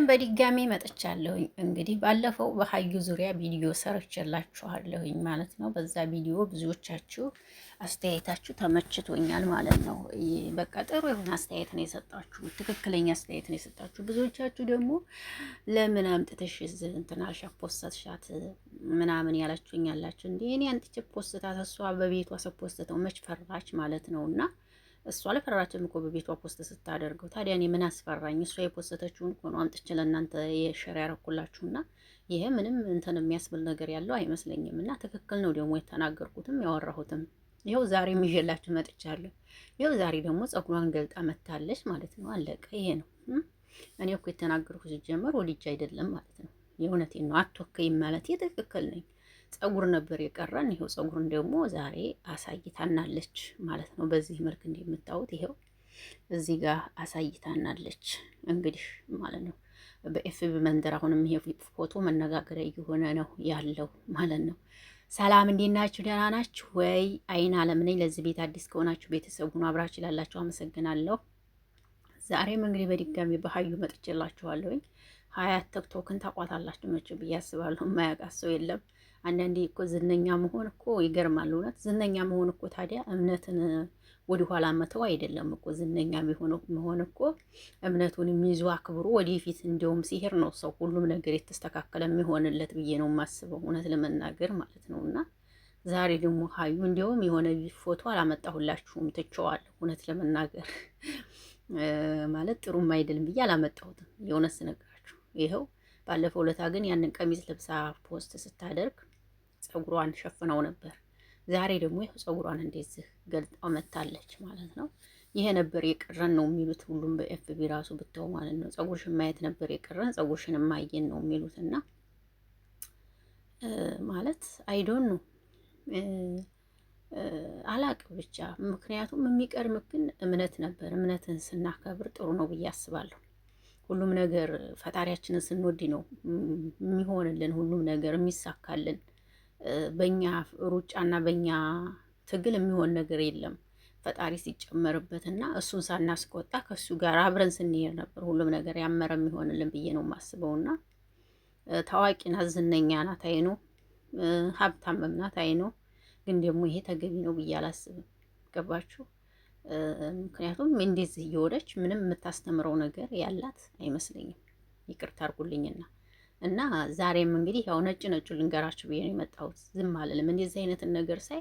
ዛሬም በድጋሚ መጥቻለሁኝ። እንግዲህ ባለፈው በሀዩ ዙሪያ ቪዲዮ ሰርችላችኋለሁኝ ማለት ነው። በዛ ቪዲዮ ብዙዎቻችሁ አስተያየታችሁ ተመችቶኛል ማለት ነው። በቃ ጥሩ የሆነ አስተያየት ነው የሰጣችሁ፣ ትክክለኛ አስተያየት ነው የሰጣችሁ። ብዙዎቻችሁ ደግሞ ለምን አምጥተሽ እንትን አልሻት ፖስትሻት ምናምን ያላችሁኝ ያላችሁ እንዲህ እኔ አንጥቼ ፖስታት እሷ በቤቷ ሰፖስተተው መች ፈራች ማለት ነው እና እሷ አልፈራችም እኮ በቤቷ ፖስት ስታደርገው። ታዲያ እኔ ምን አስፈራኝ? እሷ የፖስተችውን ሆኖ አምጥቼ ለእናንተ የሸር ያረኩላችሁና ይሄ ምንም እንትን የሚያስብል ነገር ያለው አይመስለኝም። እና ትክክል ነው ደግሞ የተናገርኩትም ያወራሁትም። ይኸው ዛሬ ይዤላችሁ መጥቻለሁ። ይኸው ዛሬ ደግሞ ጸጉሯን ገልጣ መታለች ማለት ነው። አለቀ። ይሄ ነው እኔ እኮ የተናገርኩ ሲጀመር ወልጅ አይደለም ማለት ነው። የእውነቴን ነው። አትወከይም ማለት ትክክል ነኝ። ፀጉር ነበር የቀረን። ይሄው ፀጉርን ደግሞ ዛሬ አሳይታናለች ማለት ነው። በዚህ መልክ እንደምታዩት ይሄው እዚህ ጋር አሳይታናለች እንግዲህ ማለት ነው። በኤፍቢ መንደር አሁንም ይሄ ፎቶ መነጋገሪያ እየሆነ ነው ያለው ማለት ነው። ሰላም እንዴት ናችሁ? ደህና ናችሁ ወይ? አይን አለም ነኝ። ለዚህ ቤት አዲስ ከሆናችሁ ቤተሰብ ሁኑ። አብራችሁ ይላላችሁ አመሰግናለሁ። ዛሬም እንግዲህ በድጋሚ በሀዩ መጥቼላችኋለሁኝ። ሀያት ቲክቶክን ታቋታላችሁ መቼም ብዬ አስባለሁ። የማያውቃት ሰው የለም። አንዳንዴ እኮ ዝነኛ መሆን እኮ ይገርማል። እውነት ዝነኛ መሆን እኮ ታዲያ እምነትን ወደኋላ መተው አይደለም እኮ ዝነኛ መሆን እኮ እምነቱን የሚይዙ አክብሮ ወደፊት እንዲሁም ሲሄድ ነው ሰው ሁሉም ነገር የተስተካከለ የሚሆንለት ብዬ ነው የማስበው፣ እውነት ለመናገር ማለት ነው። እና ዛሬ ደግሞ ሀዩ እንዲሁም የሆነ ፎቶ አላመጣሁላችሁም፣ ትቼዋለሁ እውነት ለመናገር ማለት ጥሩም አይደለም ብዬ አላመጣሁትም፣ የእውነት ስነግራችሁ ይኸው። ባለፈው ለታ ግን ያንን ቀሚስ ለብሳ ፖስት ስታደርግ ፀጉሯን ሸፍነው ነበር። ዛሬ ደግሞ ያው ፀጉሯን እንደዚህ ገልጣ መታለች ማለት ነው። ይሄ ነበር የቀረን ነው የሚሉት ሁሉም በኤፍቢ ራሱ ብተው ማለት ነው። ፀጉርሽን ማየት ነበር የቀረን ፀጉርሽን ማየን ነው የሚሉት እና ማለት አይዶን ነው አላቅ ብቻ ምክንያቱም የሚቀርም ግን እምነት ነበር። እምነትን ስናከብር ጥሩ ነው ብዬ አስባለሁ። ሁሉም ነገር ፈጣሪያችንን ስንወድ ነው የሚሆንልን ሁሉም ነገር የሚሳካልን። በኛ ሩጫና በኛ ትግል የሚሆን ነገር የለም። ፈጣሪ ሲጨመርበትና እሱን ሳናስቆጣ ከሱ ጋር አብረን ስንሄድ ነበር ሁሉም ነገር ያመረ የሚሆንልን ብዬ ነው የማስበውና ታዋቂ ናት፣ ዝነኛ ናት፣ አይ ነው ሀብታም ናት፣ አይ ነው ግን ደግሞ ይሄ ተገቢ ነው ብዬ አላስብም። ገባችሁ? ምክንያቱም እንደዚህ እየሆነች ምንም የምታስተምረው ነገር ያላት አይመስለኝም። ይቅርታ አድርጉልኝና እና ዛሬም እንግዲህ ያው ነጭ ነጩ ልንገራችሁ ብዬ ነው የመጣሁት። ዝም አልልም። እንደዚህ አይነትን ነገር ሳይ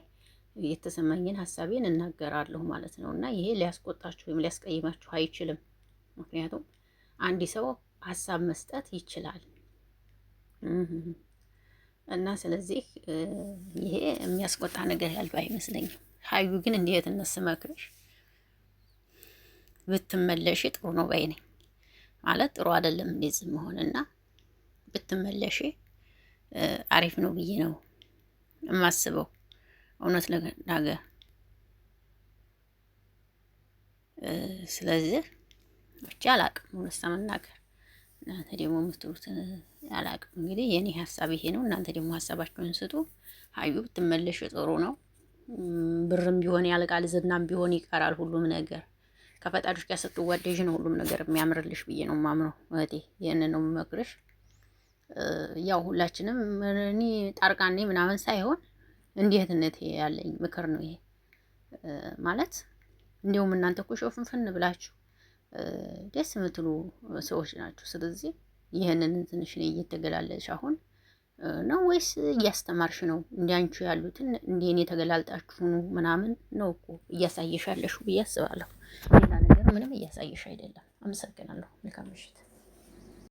የተሰማኝን ሀሳቤን እናገራለሁ ማለት ነው። እና ይሄ ሊያስቆጣችሁ ወይም ሊያስቀይማችሁ አይችልም። ምክንያቱም አንድ ሰው ሀሳብ መስጠት ይችላል እና ስለዚህ ይሄ የሚያስቆጣ ነገር ያለው አይመስለኝም። ሀዩ ግን እንዴት ስመክርሽ ብትመለሽ ጥሩ ነው ባይ ነኝ። ማለት ጥሩ አይደለም እንደዚህ መሆንና ብትመለሽ አሪፍ ነው ብዬ ነው የማስበው። እውነት ለመናገር ስለዚህ ብቻ አላቅም፣ እውነት ለመናገር እናንተ ደግሞ የምትሉትን አላቅም። እንግዲህ የኔ ሀሳብ ይሄ ነው። እናንተ ደግሞ ሀሳባችሁን ስጡ። አዩ ብትመለሽ ጥሩ ነው። ብርም ቢሆን ያልቃል፣ ዝናም ቢሆን ይቀራል። ሁሉም ነገር ከፈጣሪሽ ጋር ስትዋደጅ ነው ሁሉም ነገር የሚያምርልሽ ብዬ ነው ማምነው። እህቴ ነው የምመክርሽ። ያው ሁላችንም እኔ ጣርቃኔ ምናምን ሳይሆን እንዲህትነት ያለኝ ምክር ነው ይሄ ማለት። እንዲሁም እናንተ እኮ ሾፍንፍን ብላችሁ ደስ የምትሉ ሰዎች ናችሁ። ስለዚህ ይህንን ትንሽ ነው እየተገላለሽ አሁን ነው ወይስ እያስተማርሽ ነው? እንዲያንቹ ያሉትን እንዲህን የተገላልጣችሁ ነው ምናምን ነው እኮ እያሳየሽ ብዬ አስባለሁ። ሌላ ነገር ምንም እያሳየሽ አይደለም። አመሰግናለሁ። መልካም ምሽት።